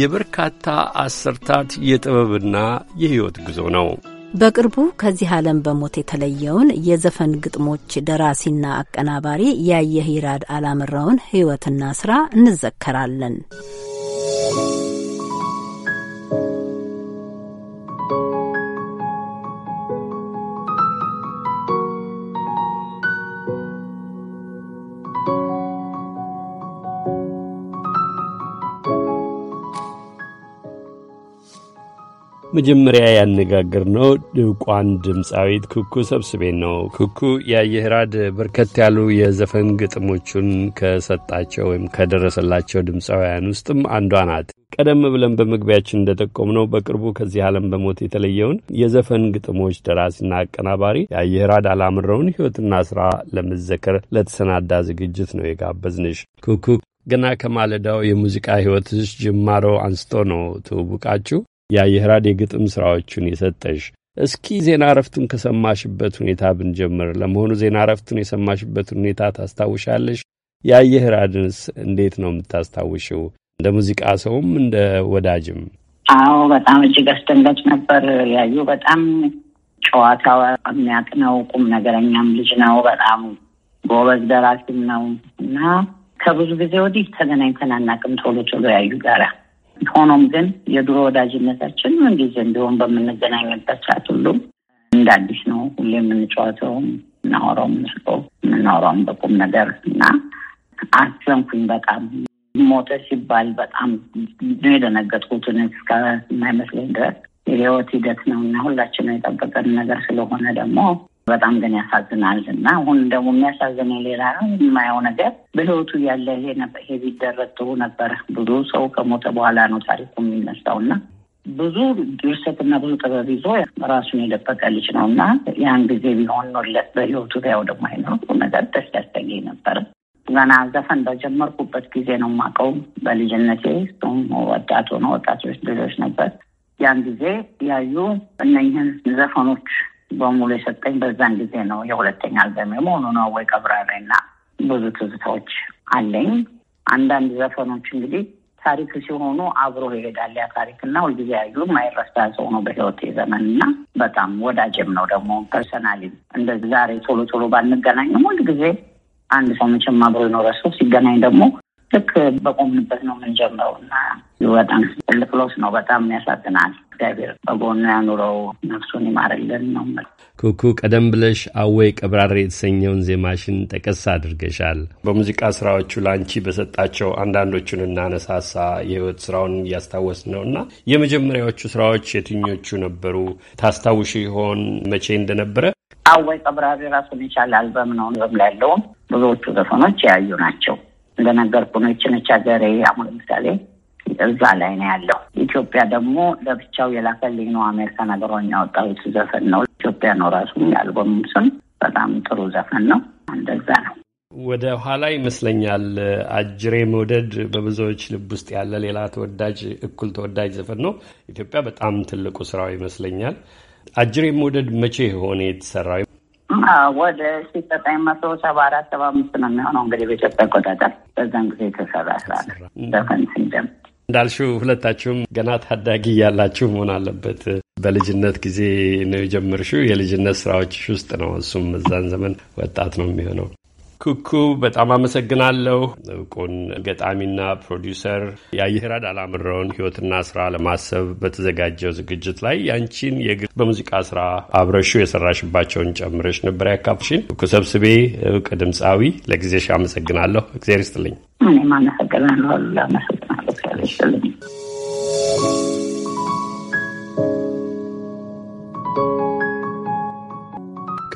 የበርካታ አሰርታት የጥበብና የሕይወት ጉዞ ነው። በቅርቡ ከዚህ ዓለም በሞት የተለየውን የዘፈን ግጥሞች ደራሲና አቀናባሪ ያየ ሂራድ አላምራውን ሕይወትና ሥራ እንዘከራለን። መጀመሪያ ያነጋግር ነው ድቋን ድምፃዊት ኩኩ ሰብስቤን ነው። ኩኩ የአየህራድ በርከት ያሉ የዘፈን ግጥሞቹን ከሰጣቸው ወይም ከደረሰላቸው ድምፃውያን ውስጥም አንዷ ናት። ቀደም ብለን በመግቢያችን እንደጠቆምነው በቅርቡ ከዚህ ዓለም በሞት የተለየውን የዘፈን ግጥሞች ደራሲና አቀናባሪ የአየህራድ አላምረውን ሕይወትና ስራ ለመዘከር ለተሰናዳ ዝግጅት ነው የጋበዝንሽ ኩኩ ገና ከማለዳው የሙዚቃ ህይወትሽ ጅማሮ አንስቶ ነው ትውውቃችሁ። የአየህ የህራድ የግጥም ሥራዎቹን የሰጠሽ እስኪ ዜና እረፍቱን ከሰማሽበት ሁኔታ ብንጀምር። ለመሆኑ ዜና እረፍቱን የሰማሽበትን ሁኔታ ታስታውሻለሽ? የአየህ ራድንስ እንዴት ነው የምታስታውሽው? እንደ ሙዚቃ ሰውም እንደ ወዳጅም። አዎ በጣም እጅግ አስደንጋጭ ነበር። ያዩ በጣም ጨዋታ የሚያቅ ነው። ቁም ነገረኛም ልጅ ነው። በጣም ጎበዝ ደራሲም ነው እና ከብዙ ጊዜ ወዲህ ተገናኝተን አናውቅም ቶሎ ቶሎ ያዩ ጋራ ሆኖም ግን የድሮ ወዳጅነታችን ምንጊዜ እንዲሆን በምንገናኝበት ሰዓት ሁሉም እንደ አዲስ ነው። ሁሌ የምንጫወተው የምናወራው፣ የምንስቀው፣ የምናወራውን በቁም ነገር እና አዘንኩኝ በጣም ሞተ ሲባል በጣም ነው እስከ እስከማይመስለኝ ድረስ የህይወት ሂደት ነው እና ሁላችን የጠበቀን ነገር ስለሆነ ደግሞ በጣም ግን ያሳዝናል እና አሁን ደግሞ የሚያሳዝነ ሌላ የማየው ነገር በህይወቱ ያለ ይሄ ቢደረግ ጥሩ ነበረ። ብዙ ሰው ከሞተ በኋላ ነው ታሪኩ የሚነሳው እና ብዙ ድርሰትና ብዙ ጥበብ ይዞ ራሱን የደበቀ ልጅ ነው እና ያን ጊዜ ቢሆን ኖለት በህይወቱ ያው ደግሞ አይኖሩ ነገር ደስ ያሰኘኝ ነበር። ገና ዘፈን በጀመርኩበት ጊዜ ነው የማውቀው በልጅነቴ። እሱም ወጣቱ ነው ወጣቶች ልጆች ነበር ያን ጊዜ ያዩ እነኝህን ዘፈኖች በሙሉ የሰጠኝ በዛን ጊዜ ነው። የሁለተኛ አልበሜ መሆኑ ነው። ወይ ቀብራሬ እና ብዙ ትዝታዎች አለኝ። አንዳንድ ዘፈኖች እንግዲህ ታሪክ ሲሆኑ አብሮ ይሄዳል ያ ታሪክ እና ሁልጊዜ ያዩም ማይረሳ ሰው ነው በህይወት ዘመን እና በጣም ወዳጅም ነው ደግሞ ፐርሰናሊ እንደዚህ ዛሬ ቶሎ ቶሎ ባንገናኝም ሁልጊዜ አንድ ሰው መቼም አብሮ የኖረ ሰው ሲገናኝ ደግሞ ልክ በቆምንበት ነው የምንጀምረው እና በጣም ልፍሎስ ነው። በጣም ያሳዝናል። እግዚአብሔር በጎኑ ያኑረው፣ ነፍሱን ይማርልን ነው ኩኩ። ቀደም ብለሽ አወይ ቀብራሬ የተሰኘውን ዜማሽን ጠቀስ አድርገሻል። በሙዚቃ ስራዎቹ ለአንቺ በሰጣቸው አንዳንዶቹን እናነሳሳ የህይወት ስራውን እያስታወስ ነው እና የመጀመሪያዎቹ ስራዎች የትኞቹ ነበሩ? ታስታውሽ ይሆን መቼ እንደነበረ? አወይ ቀብራሬ ራሱን የቻለ አልበም ነው። አልበም ያለውም ብዙዎቹ ዘፈኖች ያዩ ናቸው። እንደነገርኩ ነው። ይችነች ሀገሬ አሁን ለምሳሌ እዛ ላይ ነው ያለው። ኢትዮጵያ ደግሞ ለብቻው የላከልኝ ነው። አሜሪካ ሀገር ያወጣሁት ዘፈን ነው። ኢትዮጵያ ነው ራሱ የአልበሙ ስም። በጣም ጥሩ ዘፈን ነው። እንደዛ ነው። ወደ ኋላ ይመስለኛል አጅሬ መውደድ በብዙዎች ልብ ውስጥ ያለ ሌላ ተወዳጅ እኩል ተወዳጅ ዘፈን ነው። ኢትዮጵያ በጣም ትልቁ ስራው ይመስለኛል። አጅሬ መውደድ መቼ የሆነ የተሰራው? ወደ ሺ ዘጠኝ መቶ ሰባ አራት ሰባ አምስት ነው የሚሆነው እንግዲህ በኢትዮጵያ አቆጣጠር በዛን ጊዜ የተሰራ ስራ ዘፈን እንዳልሽው ሁለታችሁም ገና ታዳጊ ያላችሁ መሆን አለበት። በልጅነት ጊዜ ነው የጀመርሽው። የልጅነት ስራዎች ውስጥ ነው እሱም እዛን ዘመን ወጣት ነው የሚሆነው። ኩኩ በጣም አመሰግናለሁ። እውቁን ገጣሚና ፕሮዲውሰር የአየህራድ አላምረውን ህይወትና ስራ ለማሰብ በተዘጋጀው ዝግጅት ላይ ያንቺን የግል በሙዚቃ ስራ አብረሹ የሰራሽባቸውን ጨምረሽ ነበር ያካፍሽን። ኩኩ ሰብስቤ እውቅ ድምፃዊ፣ ለጊዜሽ አመሰግናለሁ። እግዜር ይስጥልኝ። እኔም አመሰግናለሁ። አመሰግናለሁ።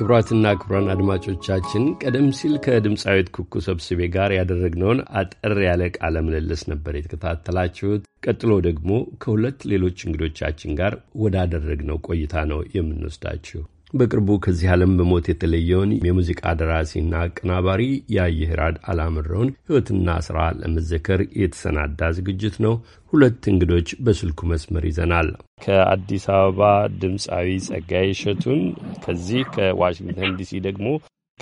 ክቡራትና ክቡራን አድማጮቻችን ቀደም ሲል ከድምፃዊት ኩኩ ሰብስቤ ጋር ያደረግነውን አጠር ያለ ቃለ ምልልስ ነበር የተከታተላችሁት። ቀጥሎ ደግሞ ከሁለት ሌሎች እንግዶቻችን ጋር ወዳደረግነው ቆይታ ነው የምንወስዳችሁ። በቅርቡ ከዚህ ዓለም በሞት የተለየውን የሙዚቃ ደራሲና አቀናባሪ የአየህራድ አላምረውን ሕይወትና ሥራ ለመዘከር የተሰናዳ ዝግጅት ነው። ሁለት እንግዶች በስልኩ መስመር ይዘናል። ከአዲስ አበባ ድምፃዊ ጸጋዬ እሸቱን፣ ከዚህ ከዋሽንግተን ዲሲ ደግሞ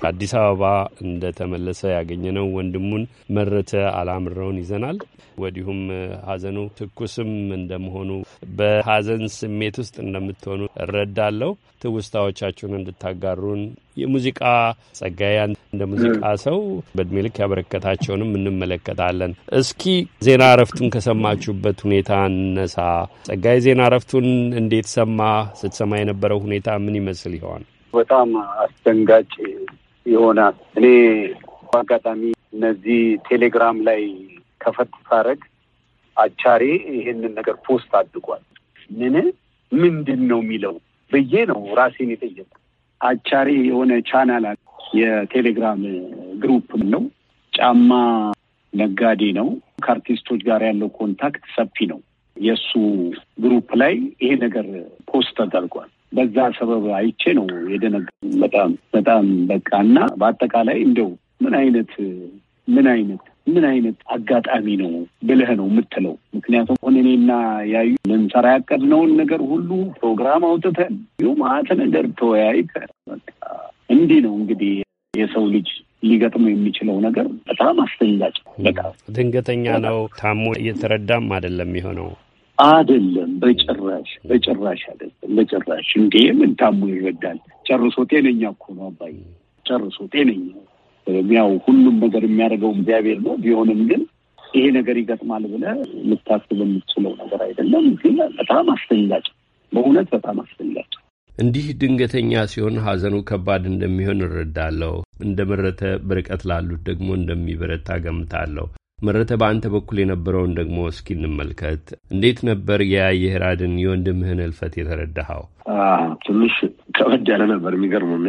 አዲስ አበባ እንደተመለሰ ያገኘነው ወንድሙን መረተ አላምረውን ይዘናል። ወዲሁም ሀዘኑ ትኩስም እንደመሆኑ በሀዘን ስሜት ውስጥ እንደምትሆኑ እረዳለሁ። ትውስታዎቻችሁን እንድታጋሩን የሙዚቃ ጸጋያን እንደ ሙዚቃ ሰው በእድሜ ልክ ያበረከታቸውንም እንመለከታለን። እስኪ ዜና እረፍቱን ከሰማችሁበት ሁኔታ እነሳ። ጸጋይ ዜና እረፍቱን እንዴት ሰማ? ስትሰማ የነበረው ሁኔታ ምን ይመስል ይሆን? በጣም አስደንጋጭ ይሆናል። እኔ አጋጣሚ እነዚህ ቴሌግራም ላይ ከፈት ሳረግ አቻሬ ይሄንን ነገር ፖስት አድርጓል። ምን ምንድን ነው የሚለው ብዬ ነው ራሴን የጠየቁ። አቻሬ የሆነ ቻናል አለ፣ የቴሌግራም ግሩፕ ነው። ጫማ ነጋዴ ነው። ከአርቲስቶች ጋር ያለው ኮንታክት ሰፊ ነው። የእሱ ግሩፕ ላይ ይሄ ነገር ፖስት ተደርጓል። በዛ ሰበብ አይቼ ነው የደነገ በጣም በጣም በቃ እና በአጠቃላይ እንደው ምን አይነት ምን አይነት ምን አይነት አጋጣሚ ነው ብለህ ነው የምትለው? ምክንያቱም ሆን እኔና ያዩ ልንሰራ ያቀድነውን ነገር ሁሉ ፕሮግራም አውጥተን ዩ ማአት ነገር ተወያይተን እንዲህ ነው እንግዲህ የሰው ልጅ ሊገጥሙ የሚችለው ነገር በጣም አስደንጋጭ በጣም ድንገተኛ ነው። ታሞ እየተረዳም አይደለም የሆነው አይደለም። በጭራሽ በጭራሽ አደለም፣ በጭራሽ እንዴ! ምን ታሞ ይረዳል? ጨርሶ ጤነኛ እኮ ነው አባይ፣ ጨርሶ ጤነኛ። ያው ሁሉም ነገር የሚያደርገው እግዚአብሔር ነው። ቢሆንም ግን ይሄ ነገር ይገጥማል ብለህ ልታስብ የምትችለው ነገር አይደለም። ግን በጣም አስደንጋጭ፣ በእውነት በጣም አስደንጋጭ። እንዲህ ድንገተኛ ሲሆን ሀዘኑ ከባድ እንደሚሆን እረዳለሁ። እንደመረተ በርቀት ላሉት ደግሞ እንደሚበረታ ገምታለሁ። መረተ፣ በአንተ በኩል የነበረውን ደግሞ እስኪ እንመልከት። እንዴት ነበር የአየህ ራድን የወንድምህን እልፈት የተረዳኸው? ትንሽ ከበድ ያለ ነበር። የሚገርሙ እኔ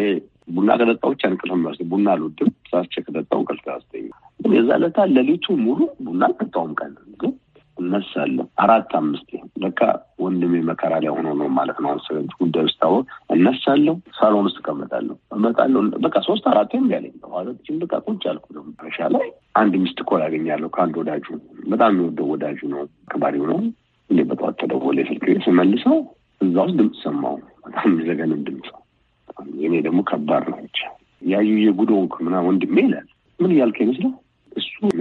ቡና ከጠጣሁ ብቻ እንቅልፍ የሚወስድ ቡና አልወድም። ሳስቸ ከጠጣሁ እንቅልፍ ያስተኛ የዛ ለታ ሌሊቱ ሙሉ ቡና አልጠጣሁም። ቀን ግን እነሳለሁ አራት አምስት በቃ ወንድሜ መከራ ላይ ሆኖ ነው ማለት ነው። ስለ ጉዳዩ ስታወቅ እነሳለሁ፣ ሳሎን ውስጥ እቀመጣለሁ እመጣለሁ። በቃ ሶስት አራት ም ያለኝ ኋላችን በቃ ቁጭ አልኩ። መጨረሻ ላይ አንድ ሚስት ኮል ያገኛለሁ ከአንድ ወዳጁ፣ በጣም የወደው ወዳጁ ነው፣ ከባሪው ነው። እንዴ በጠዋት ተደወለ ስልክ፣ ስመልሰው እዛ ውስጥ ድምፅ ሰማው፣ በጣም ዘገንም ድምፅ የኔ ደግሞ ከባድ ነው ብቻ ያዩ የጉዶንክ ምና ወንድሜ ይላል። ምን እያልከ ይመስለው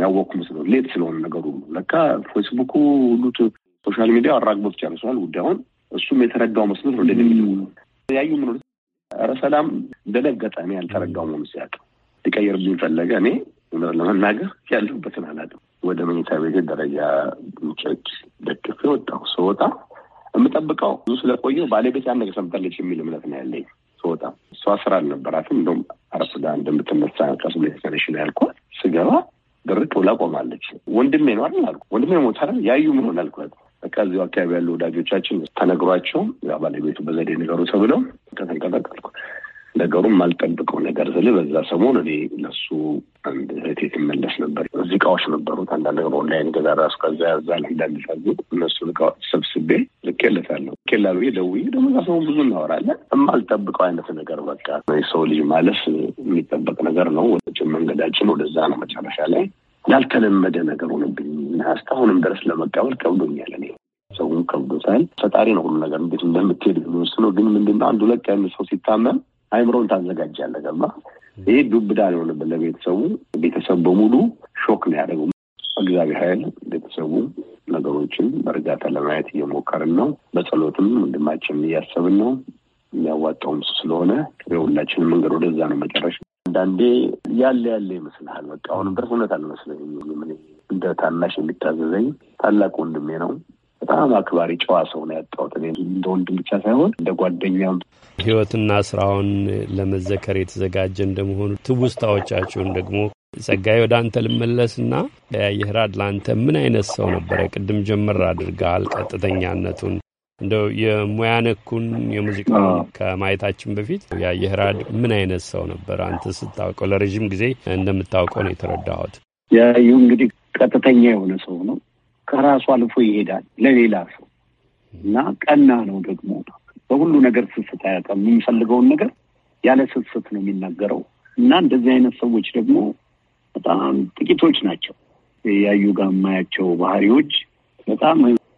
ያወቅኩ መስለው ሌት ስለሆነ ነገሩ ለካ ፌስቡኩ ሁሉ ሶሻል ሚዲያ አራግቦት ጨርሰዋል ጉዳዩን። እሱም የተረዳው መስሎት ነው ሚል ያዩ ምኖ ረ ሰላም ደነገጠ። እኔ ያልተረዳው መሆኑ ሲያውቅ ሊቀየርብኝ ፈለገ። እኔ ለመናገር ያለሁበትን አላውቅም። ወደ መኝታ ቤት ደረጃ ጨች ደቅፌ ወጣሁ። ሰወጣ የምጠብቀው ብዙ ስለቆየ ባለቤት ያን ነገር ሰምታለች የሚል እምነት ነው ያለኝ። ሰወጣ እሷ ስራ አልነበራትም። እንደም አረፍዳ እንደምትነሳ ቀስ ብላ ነው ያልኳል ስገባ ድርቅ ብላ ቆማለች። ወንድሜ ነው አይደል አልኩ። ወንድሜ ሞታ ያዩ ምን ሆነ አልኩ። በቃ እዚሁ አካባቢ ያሉ ወዳጆቻችን ተነግሯቸው ባለቤቱ በዘዴ ነገሩ ተብለው ተንቀጠቀጥ ነገሩም አልጠብቀው ነገር ስል በዛ ሰሞን እኔ ለሱ አንድ እህቴ ትመለስ ነበር። እዚህ እቃዎች ነበሩት አንዳንድ ነገር ኦንላይን ገዛ ራሱ ከዛ ያዛል አንዳንድ ሳዙ እነሱ እቃዎች ሰብስቤ ልኬለታለሁ። ኬላሉ ደዊ ደግሞ ዛ ሰሞን ብዙ እናወራለን። የማልጠብቀው አይነት ነገር በቃ የሰው ልጅ ማለፍ የሚጠበቅ ነገር ነው። ወደችን መንገዳችን ወደዛ ነው። መጨረሻ ላይ ያልተለመደ ነገር ሆነብኝ እና እስካሁንም ድረስ ለመቀበል ከብዶኛል እኔ ሰውን ከብዶታል። ፈጣሪ ነው ሁሉ ነገር እንዴት እንደምትሄድ የሚወስነው። ግን ምንድነው አንድ ሁለት ያን ሰው ሲታመም አይምሮን ታዘጋጃለህ። ገባህ? ይህ ዱብዳ ሊሆንብን ለቤተሰቡ ቤተሰብ በሙሉ ሾክ ነው ያደረገው። እግዚአብሔር ኃይል ቤተሰቡ ነገሮችን በእርጋታ ለማየት እየሞከርን ነው። በጸሎትም ወንድማችን እያሰብን ነው። የሚያዋጣውም ስለሆነ ሁላችንም መንገድ ወደዛ ነው መጨረሻ አንዳንዴ ያለ ያለ ይመስልሃል። በቃ አሁንም ድረስ እውነት አልመስለኝም። እንደ ታናሽ የሚታዘዘኝ ታላቅ ወንድሜ ነው። በጣም አክባሪ ጨዋ ሰው ነው ያጣሁት። እኔ እንደ ወንድም ብቻ ሳይሆን እንደ ጓደኛም ህይወትና ስራውን ለመዘከር የተዘጋጀ እንደመሆኑ ትውስታዎቻችሁን ደግሞ ጸጋይ ወደ አንተ ልመለስና ያየህራድ ለአንተ ምን አይነት ሰው ነበረ? ቅድም ጀምር አድርገሃል ቀጥተኛነቱን እንደው የሙያ ነኩን ከማየታችን በፊት ያየህራድ ምን አይነት ሰው ነበር? አንተ ስታውቀው ለረዥም ጊዜ እንደምታውቀው ነው የተረዳሁት። ያዩ እንግዲህ ቀጥተኛ የሆነ ሰው ከራሱ አልፎ ይሄዳል ለሌላ ሰው እና ቀና ነው ደግሞ በሁሉ ነገር ስስት አያውቅም። የሚፈልገውን ነገር ያለ ስስት ነው የሚናገረው እና እንደዚህ አይነት ሰዎች ደግሞ በጣም ጥቂቶች ናቸው። ያዩ ጋር የማያቸው ባህሪዎች በጣም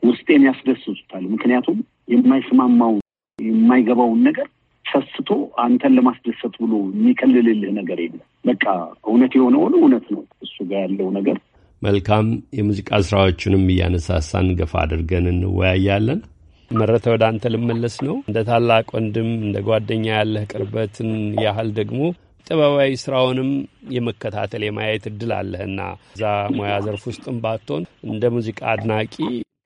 ውስጤን ያስደስቱታል። ምክንያቱም የማይስማማው የማይገባውን ነገር ሰስቶ አንተን ለማስደሰት ብሎ የሚከልልልህ ነገር የለም። በቃ እውነት የሆነ ሆነ እውነት ነው። እሱ ጋር ያለው ነገር መልካም የሙዚቃ ስራዎቹንም እያነሳሳን ገፋ አድርገን እንወያያለን። መረተ ወደ አንተ ልመለስ ነው። እንደ ታላቅ ወንድም እንደ ጓደኛ ያለህ ቅርበትን ያህል ደግሞ ጥበባዊ ስራውንም የመከታተል የማየት እድል አለህና እዛ ሙያ ዘርፍ ውስጥም ባትሆን እንደ ሙዚቃ አድናቂ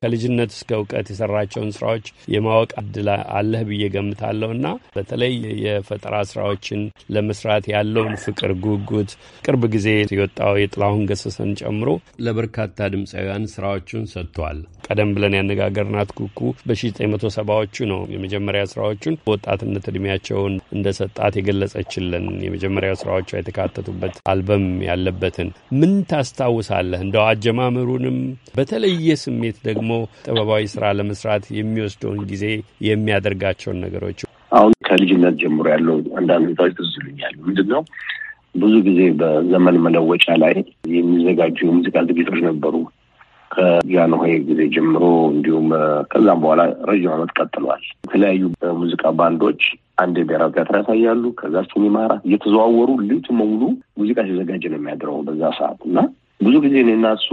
ከልጅነት እስከ እውቀት የሰራቸውን ስራዎች የማወቅ እድል አለህ ብዬ ገምታለሁ እና በተለይ የፈጠራ ስራዎችን ለመስራት ያለውን ፍቅር፣ ጉጉት ቅርብ ጊዜ የወጣው የጥላሁን ገሰሰን ጨምሮ ለበርካታ ድምፃውያን ስራዎቹን ሰጥቷል። ቀደም ብለን ያነጋገርናት ኩኩ በ1970ዎቹ ነው የመጀመሪያ ስራዎቹን በወጣትነት እድሜያቸውን እንደሰጣት የገለጸችልን የመጀመሪያ ስራዎቿ የተካተቱበት አልበም ያለበትን ምን ታስታውሳለህ? እንደው አጀማመሩንም በተለየ ስሜት ደግሞ ደግሞ ጥበባዊ ስራ ለመስራት የሚወስደውን ጊዜ የሚያደርጋቸውን ነገሮች አሁን ከልጅነት ጀምሮ ያለው አንዳንድ ሁኔታዎች ትዝ ይሉኛል። ምንድን ነው ብዙ ጊዜ በዘመን መለወጫ ላይ የሚዘጋጁ የሙዚቃ ዝግጅቶች ነበሩ ከጃንሆይ ጊዜ ጀምሮ እንዲሁም ከዛም በኋላ ረዥም ዓመት ቀጥሏል። የተለያዩ ሙዚቃ ባንዶች አንድ የብሔራዊ ቲያትር ያሳያሉ፣ ከዛ ሲኒማ ማራ እየተዘዋወሩ ልዩቱ በሙሉ ሙዚቃ ሲዘጋጅ ነው የሚያድረው በዛ ሰዓት እና ብዙ ጊዜ እኔና እሱ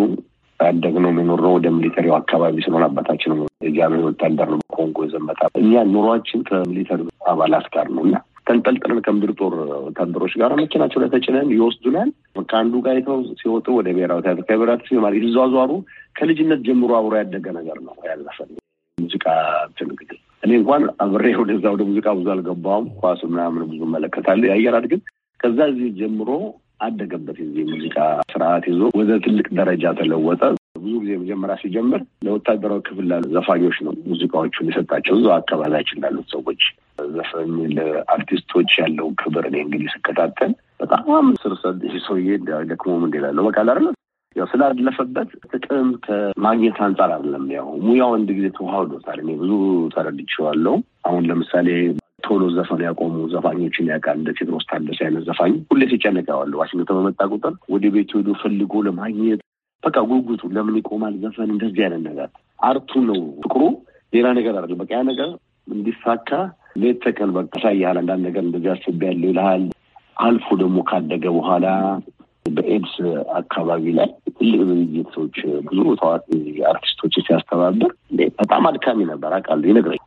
ያደግነው የኖርነው ወደ ሚሊተሪው አካባቢ ስለሆነ አባታችን የጃሜ ወታደር ነው፣ ኮንጎ ዘመታ። እኛ ኑሯችን ከሚሊተሪ አባላት ጋር ነው እና ተንጠልጥለን ከምድር ጦር ወታደሮች ጋር መኪናቸው ላይ ተጭነን ይወስዱናል። ከአንዱ ጋር አይተው ሲወጡ ወደ ብሔራዊ ቲያትር፣ ከብሔራዊ ቲያትር ይዟዟሩ። ከልጅነት ጀምሮ አብሮ ያደገ ነገር ነው። ያለፈ ሙዚቃ ትንግድ እኔ እንኳን አብሬ ወደዛ ወደ ሙዚቃ ብዙ አልገባውም። ኳሱ ምናምን ብዙ እመለከታለሁ። የአየር ግን ከዛ እዚህ ጀምሮ አደገበት የዚህ ሙዚቃ ስርዓት ይዞ ወደ ትልቅ ደረጃ ተለወጠ። ብዙ ጊዜ መጀመሪያ ሲጀምር ለወታደራዊ ክፍል ላሉ ዘፋኞች ነው ሙዚቃዎቹን የሰጣቸው። ብዙ አካባቢያችን ላሉት ሰዎች ዘፈኝ ለአርቲስቶች ያለው ክብር እኔ እንግዲህ ስከታተል በጣም ስር ሰድ ሰውዬ ደክሞም እንዲላለው በቃ ላለ ያው ስላለፈበት ጥቅም ከማግኘት አንጻር አይደለም። ያው ሙያው አንድ ጊዜ ተዋህዶታል። እኔ ብዙ ተረድቼዋለሁ። አሁን ለምሳሌ ቶሎ ዘፈን ያቆሙ ዘፋኞችን ያውቃል። እንደ ቴድሮስ ታደሰ አይነት ዘፋኝ ሁሌ ሲጨነቅ ዋሽንግተን በመጣ ቁጥር ወደ ቤት ሄዶ ፈልጎ ለማግኘት በቃ ጉጉቱ ለምን ይቆማል ዘፈን እንደዚህ አይነት ነገር አርቱ ነው ፍቅሩ፣ ሌላ ነገር አለ። በቃ ያ ነገር እንዲሳካ ሌት ተቀን በቃ ያሳያል። አንዳንድ ነገር እንደዚህ አስቤያለሁ ይልሃል። አልፎ ደግሞ ካደገ በኋላ በኤድስ አካባቢ ላይ ትልቅ ዝግጅት ሰዎች ብዙ ታዋቂ አርቲስቶች ሲያስተባብር በጣም አድካሚ ነበር አውቃለሁ። ይነግረኝ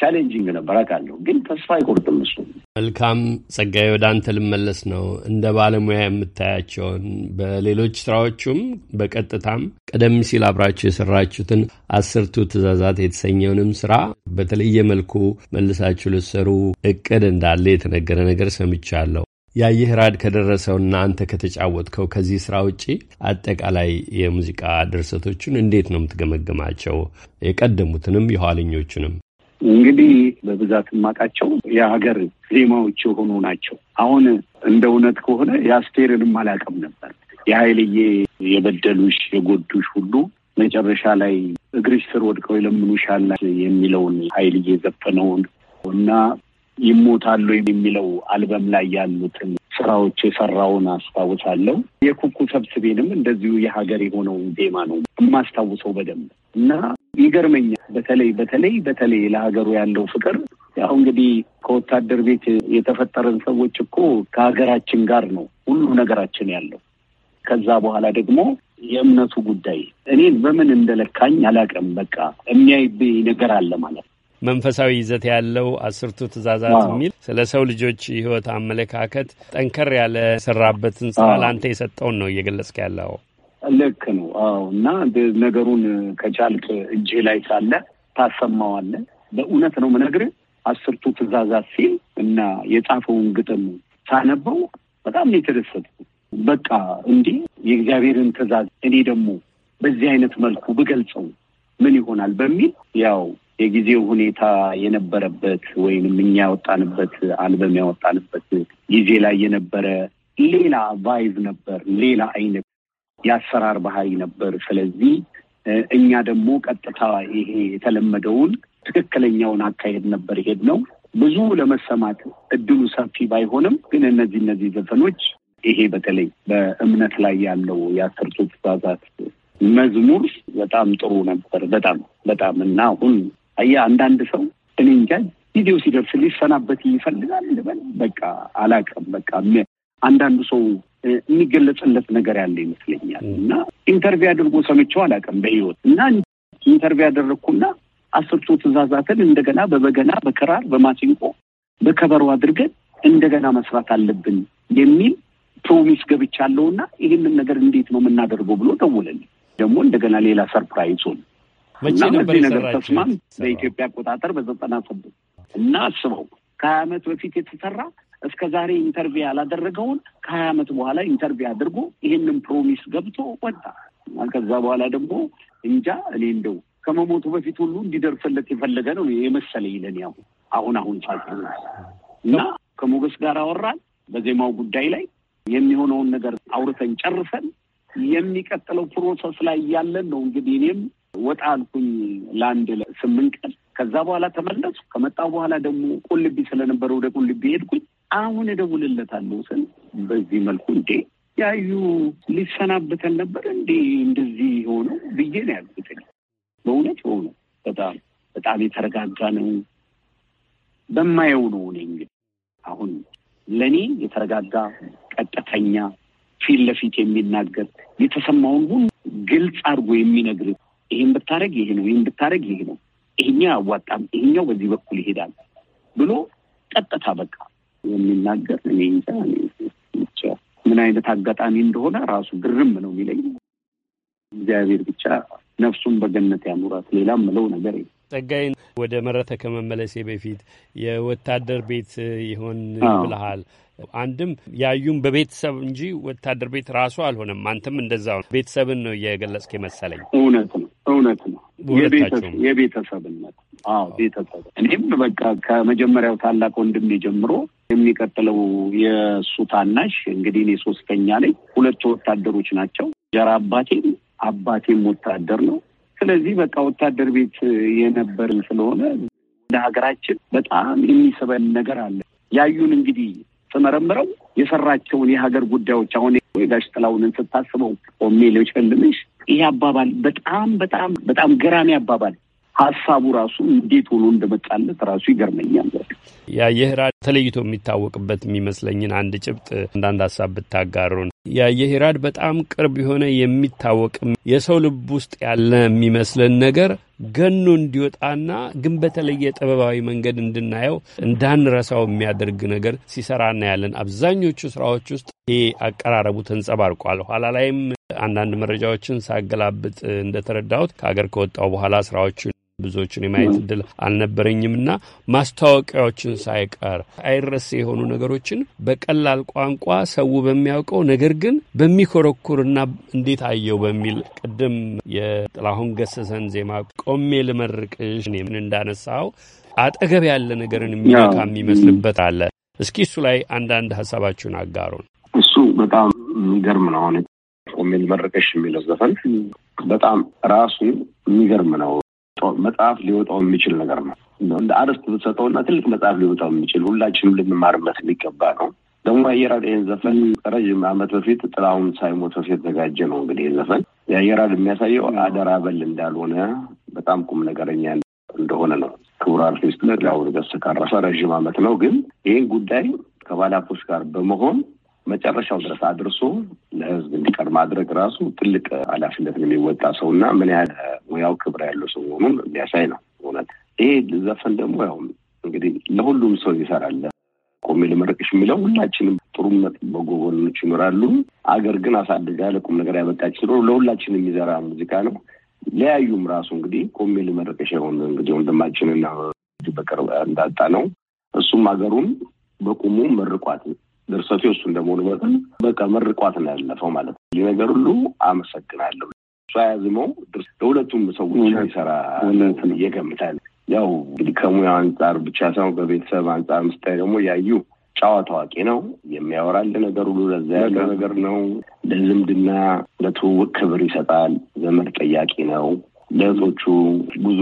ቻሌንጂንግ ነበር አውቃለሁ፣ ግን ተስፋ አይቆርጥም እሱ። መልካም ጸጋዬ፣ ወደ አንተ ልመለስ ነው። እንደ ባለሙያ የምታያቸውን በሌሎች ስራዎቹም በቀጥታም ቀደም ሲል አብራችሁ የሰራችሁትን አስርቱ ትእዛዛት የተሰኘውንም ስራ በተለየ መልኩ መልሳችሁ ልትሰሩ እቅድ እንዳለ የተነገረ ነገር ሰምቻለሁ። የአየህ ራድ ከደረሰውና አንተ ከተጫወትከው ከዚህ ስራ ውጪ አጠቃላይ የሙዚቃ ድርሰቶቹን እንዴት ነው የምትገመግማቸው? የቀደሙትንም የኋለኞቹንም እንግዲህ በብዛት የማውቃቸው የሀገር ዜማዎች የሆኑ ናቸው። አሁን እንደ እውነት ከሆነ የአስቴርንም አላውቅም ነበር። የሀይልዬ የበደሉሽ የጎዱሽ ሁሉ መጨረሻ ላይ እግርሽ ስር ወድቀው ይለምኑሻል የሚለውን ሀይልዬ የዘፈነውን እና ይሞታሉ የሚለው አልበም ላይ ያሉትን ስራዎች የሰራውን አስታውሳለሁ። የኩኩ ሰብስቤንም እንደዚሁ የሀገር የሆነው ዜማ ነው የማስታውሰው በደንብ እና ይገርመኛል። በተለይ በተለይ በተለይ ለሀገሩ ያለው ፍቅር ያው እንግዲህ ከወታደር ቤት የተፈጠረን ሰዎች እኮ ከሀገራችን ጋር ነው ሁሉ ነገራችን ያለው። ከዛ በኋላ ደግሞ የእምነቱ ጉዳይ እኔን በምን እንደለካኝ አላውቅም። በቃ የሚያይብኝ ነገር አለ ማለት ነው። መንፈሳዊ ይዘት ያለው አስርቱ ትእዛዛት የሚል ስለ ሰው ልጆች ሕይወት አመለካከት ጠንከር ያለ ሰራበትን ስራ ለአንተ የሰጠውን ነው እየገለጽክ ያለው። ልክ ነው። አዎ። እና ነገሩን ከቻልክ እጅ ላይ ሳለ ታሰማዋለ። በእውነት ነው የምነግርህ። አስርቱ ትእዛዛት ሲል እና የጻፈውን ግጥም ሳነበው በጣም ነው በቃ እንዲህ የእግዚአብሔርን ትእዛዝ እኔ ደግሞ በዚህ አይነት መልኩ ብገልጸው ምን ይሆናል በሚል ያው የጊዜው ሁኔታ የነበረበት ወይንም እኛ ያወጣንበት አልበም ያወጣንበት ጊዜ ላይ የነበረ ሌላ ቫይቭ ነበር። ሌላ አይነት የአሰራር ባህሪ ነበር። ስለዚህ እኛ ደግሞ ቀጥታ ይሄ የተለመደውን ትክክለኛውን አካሄድ ነበር ሄድ ነው። ብዙ ለመሰማት እድሉ ሰፊ ባይሆንም ግን እነዚህ እነዚህ ዘፈኖች ይሄ በተለይ በእምነት ላይ ያለው የአስርቱ ትእዛዛት መዝሙር በጣም ጥሩ ነበር። በጣም በጣም እና አሁን አያ አንዳንድ ሰው እኔ እንጃ ቪዲዮ ሲደርስ ሊሰናበት ይፈልጋል ልበል፣ በቃ አላውቅም። በቃ አንዳንዱ ሰው የሚገለጽለት ነገር ያለ ይመስለኛል እና ኢንተርቪው አድርጎ ሰምቼው አላውቅም በህይወት እና ኢንተርቪው ያደረግኩና አስርቱ ትእዛዛትን እንደገና በበገና በክራር በማሲንቆ በከበሮ አድርገን እንደገና መስራት አለብን የሚል ፕሮሚስ ገብቻለሁና ይህንን ነገር እንዴት ነው የምናደርገው ብሎ ደውለን ደግሞ እንደገና ሌላ ሰርፕራይዝ እና በዚህ ነገር ተስማም በኢትዮጵያ አቆጣጠር በዘጠና ስድስት እና አስበው ከሀያ ዓመት በፊት የተሰራ እስከ ዛሬ ኢንተርቪው ያላደረገውን ከሀያ ዓመት በኋላ ኢንተርቪው አድርጎ ይህንን ፕሮሚስ ገብቶ ወጣ። ከዛ በኋላ ደግሞ እንጃ እኔ እንደው ከመሞቱ በፊት ሁሉ እንዲደርስለት የፈለገ ነው የመሰለኝ ለኔ አሁን አሁን አሁን ሳት እና ከሞገስ ጋር አወራን በዜማው ጉዳይ ላይ የሚሆነውን ነገር አውርተን ጨርሰን የሚቀጥለው ፕሮሰስ ላይ ያለን ነው እንግዲህ እኔም ወጣ አልኩኝ ለአንድ ስምንት ቀን ከዛ በኋላ ተመለሱ። ከመጣሁ በኋላ ደግሞ ቁልቢ ስለነበረ ወደ ቁልቢ ሄድኩኝ። አሁን እደውልለታለሁ ስል በዚህ መልኩ እንዴ ያዩ ሊሰናብተን ነበር እንዴ እንደዚህ ሆኖ ብዬ ነው ያልኩት። በእውነት ሆኖ በጣም በጣም የተረጋጋ ነው በማየው ነው። እኔ እንግዲህ አሁን ለእኔ የተረጋጋ ቀጥተኛ፣ ፊት ለፊት የሚናገር የተሰማውን ሁሉ ግልጽ አድርጎ የሚነግር ይህን ብታደረግ ይሄ ነው፣ ይህን ብታደረግ ይሄ ነው፣ ይሄኛው አዋጣም፣ ይሄኛው በዚህ በኩል ይሄዳል ብሎ ቀጥታ በቃ የሚናገር እኔ እንጃ ብቻ ምን አይነት አጋጣሚ እንደሆነ ራሱ ግርም ነው የሚለኝ። እግዚአብሔር ብቻ ነፍሱን በገነት ያኑራት። ሌላ ምለው ነገር ጸጋይ፣ ወደ መረተ ከመመለሴ በፊት የወታደር ቤት ይሆን ብልሃል። አንድም ያዩም በቤተሰብ እንጂ ወታደር ቤት ራሱ አልሆነም። አንተም እንደዛው ቤተሰብን ነው እየገለጽክ የመሰለኝ። እውነት ነው፣ እውነት ነው። የቤተሰብነት አዎ ቤተሰብ እኔም በቃ ከመጀመሪያው ታላቅ ወንድሜ ጀምሮ የሚቀጥለው የእሱ ታናሽ እንግዲህ እኔ ሶስተኛ ነኝ። ሁለቱ ወታደሮች ናቸው። ጀራ አባቴም አባቴም ወታደር ነው። ስለዚህ በቃ ወታደር ቤት የነበርን ስለሆነ እንደ ሀገራችን በጣም የሚስበን ነገር አለ። ያዩን እንግዲህ ስመረምረው የሰራቸውን የሀገር ጉዳዮች አሁን ጋሽ ጥላውንን ስታስበው ሜሌ ጨልምሽ ይሄ አባባል በጣም በጣም በጣም ገራሚ አባባል ሀሳቡ ራሱ እንዴት ሆኖ እንደመጣለት ራሱ ይገርመኛል። ያ የህራ ተለይቶ የሚታወቅበት የሚመስለኝን አንድ ጭብጥ አንዳንድ ሀሳብ ብታጋሩን የአየሄራድ በጣም ቅርብ የሆነ የሚታወቅም የሰው ልብ ውስጥ ያለ የሚመስለን ነገር ገኖ እንዲወጣና ግን በተለየ ጥበባዊ መንገድ እንድናየው እንዳንረሳው የሚያደርግ ነገር ሲሰራ እናያለን። አብዛኞቹ ስራዎች ውስጥ ይሄ አቀራረቡ ተንጸባርቋል። ኋላ ላይም አንዳንድ መረጃዎችን ሳገላብጥ እንደተረዳሁት ከአገር ከወጣው በኋላ ስራዎቹ ብዙዎቹን የማየት እድል አልነበረኝም እና ማስታወቂያዎችን ሳይቀር አይረሴ የሆኑ ነገሮችን በቀላል ቋንቋ ሰው በሚያውቀው ነገር ግን በሚኮረኩርና እንዴት አየው በሚል ቅድም የጥላሁን ገሰሰን ዜማ ቆሜ ልመርቅሽ ምን እንዳነሳው አጠገብ ያለ ነገርን የሚነካ የሚመስልበት አለ። እስኪ እሱ ላይ አንዳንድ ሀሳባችሁን አጋሩን። እሱ በጣም የሚገርም ነው። አሁን ቆሜ ልመርቅሽ የሚለው ዘፈን በጣም ራሱ የሚገርም ነው። መጽሐፍ ሊወጣው የሚችል ነገር ነው። እንደ አርስት ብትሰጠውና ትልቅ መጽሐፍ ሊወጣው የሚችል ሁላችንም ልንማርበት የሚገባ ነው። ደግሞ አየራዴን ዘፈን ረዥም ዓመት በፊት ጥላሁን ሳይሞት በፊት የተዘጋጀ ነው። እንግዲህ ዘፈን የአየራድ የሚያሳየው አደራ በል እንዳልሆነ በጣም ቁም ነገረኛ እንደሆነ ነው። ክቡር አርቲስት ጥላሁን ገስ ካረፈ ረዥም ዓመት ነው። ግን ይህን ጉዳይ ከባላፖች ጋር በመሆን መጨረሻው ድረስ አድርሶ ለህዝብ እንዲቀርብ ማድረግ ራሱ ትልቅ ኃላፊነትን የሚወጣ ሰው እና ምን ያህል ሙያው ክብር ያለው ሰው መሆኑን የሚያሳይ ነው። እውነት ይሄ ዘፈን ደግሞ ያው እንግዲህ ለሁሉም ሰው ይሰራል። ቆሜ ልመረቅሽ የሚለው ሁላችንም ጥሩነት በጎ ጎኖች ይኖራሉ። አገር ግን አሳድጋ ለቁም ነገር ያበቃች ስለሆነ ለሁላችን የሚዘራ ሙዚቃ ነው። ለያዩም ራሱ እንግዲህ ቆሜ ልመረቅሽ የሆን እንግዲህ ወንድማችንና በቅርብ እንዳጣ ነው እሱም አገሩን በቁሙ መርቋት ድርሰቱ የሱ እንደመሆኑ መጠን በቃ መርቋት ነው ያለፈው ማለት ነው። ይህ ነገር ሁሉ አመሰግናለሁ። እሷ ያዝመው ለሁለቱም ሰዎች የሚሰራ እየገምታል። ያው እንግዲህ ከሙያ አንጻር ብቻ ሳይሆን በቤተሰብ አንጻር ምስታይ ደግሞ ያዩ ጫዋ ታዋቂ ነው። የሚያወራል ነገር ሁሉ ለዛ ያለው ነገር ነው። ለዝምድና ለትውውቅ ክብር ይሰጣል። ዘመድ ጠያቂ ነው። ለእህቶቹ ብዙ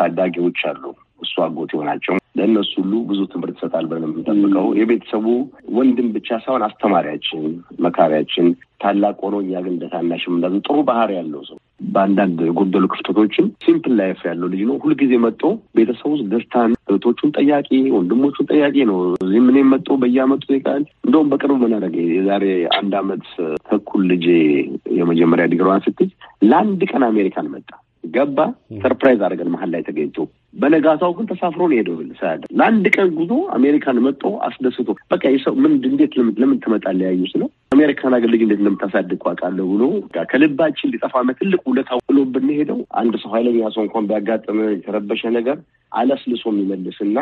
ታዳጊዎች አሉ እሱ አጎት የሆናቸው ለእነሱ ሁሉ ብዙ ትምህርት ይሰጣል ብለን የምንጠብቀው የቤተሰቡ ወንድም ብቻ ሳይሆን አስተማሪያችን፣ መካሪያችን ታላቅ ሆኖ እኛ ግን እንደ ታናሽ ጥሩ ባህሪ ያለው ሰው በአንዳንድ የጎደሉ ክፍተቶችን ሲምፕል ላይፍ ያለው ልጅ ነው። ሁልጊዜ መጦ ቤተሰቡ ውስጥ ደስታን እህቶቹን ጠያቂ፣ ወንድሞቹን ጠያቂ ነው። እዚህ ምን መጦ በየአመቱ ይቃል። እንደውም በቅርብ ምን አደረገ የዛሬ አንድ አመት ተኩል ልጄ የመጀመሪያ ዲግሪዋን ስትጅ ለአንድ ቀን አሜሪካን መጣ ገባ። ሰርፕራይዝ አድርገን መሀል ላይ ተገኝቶ በነጋታው ግን ተሳፍሮ ነው ሄደው ሳያደ ለአንድ ቀን ጉዞ አሜሪካን መጦ አስደስቶ በቃ የሰው ምን እንዴት ለምን ትመጣለህ ያዩ ስለው አሜሪካን አገር ልጅ እንዴት እንደምታሳድግ አውቃለሁ ብሎ ከልባችን ሊጠፋ ትልቅ ውለታ ውሎብን ብንሄደው አንድ ሰው ኃይለኛ ሰው እንኳን ቢያጋጥም የተረበሸ ነገር አለስልሶ የሚመልስና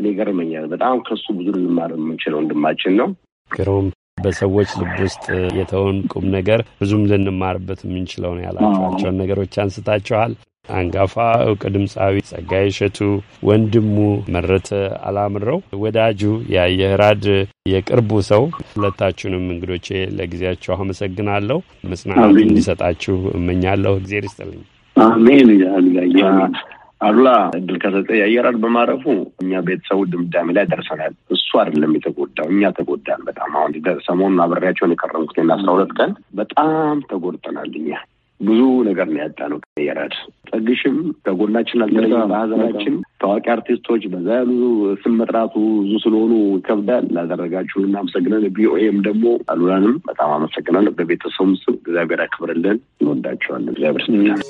እኔ ገርመኛል በጣም ከሱ ብዙ ልንማር የምንችለው ወንድማችን ነው። ግሩም በሰዎች ልብ ውስጥ የተውን ቁም ነገር ብዙም ልንማርበት የምንችለው ነው ያላቸዋቸውን ነገሮች አንስታችኋል። አንጋፋ እውቅ ድምፃዊ ጸጋይ እሸቱ ወንድሙ መረተ አላምረው ወዳጁ የየህራድ የቅርቡ ሰው ሁለታችሁንም እንግዶቼ ለጊዜያችሁ አመሰግናለሁ። መጽናናት እንዲሰጣችሁ እመኛለሁ። እግዜር ይስጥልኝ። አሜን። አሉላ እድል ከሰጠ የአየራድ በማረፉ እኛ ቤተሰቡ ድምዳሜ ላይ ደርሰናል። እሱ አይደለም የተጎዳው፣ እኛ ተጎዳን በጣም አሁን ሰሞኑን አብሬያቸውን የከረምኩት አስራ ሁለት ቀን በጣም ተጎድተናል እኛ ብዙ ነገር ነው ያጣ ነው ቀየራድ ጠግሽም ከጎናችን አልተለይም። በሀዘናችን ታዋቂ አርቲስቶች በዛ ያሉ ስም መጥራቱ ብዙ ስለሆኑ ይከብዳል። እናደረጋችሁን እናመሰግናል። ቢኦኤም ደግሞ አሉላንም በጣም አመሰግናል። በቤተሰቡም ስም እግዚአብሔር አክብርልን። እንወዳቸዋለን። እግዚአብሔር ስታ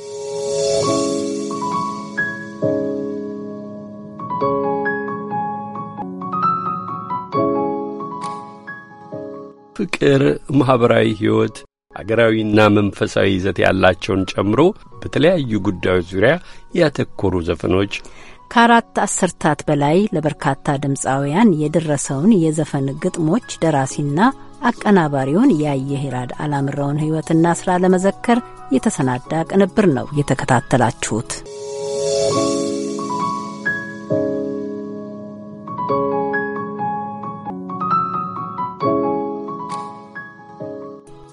ፍቅር፣ ማህበራዊ ህይወት ሀገራዊና መንፈሳዊ ይዘት ያላቸውን ጨምሮ በተለያዩ ጉዳዮች ዙሪያ ያተኮሩ ዘፈኖች ከአራት አስርታት በላይ ለበርካታ ድምፃውያን የደረሰውን የዘፈን ግጥሞች ደራሲና አቀናባሪውን ያየ ሄራድ አላምረውን ሕይወትና ሥራ ለመዘከር የተሰናዳ ቅንብር ነው የተከታተላችሁት።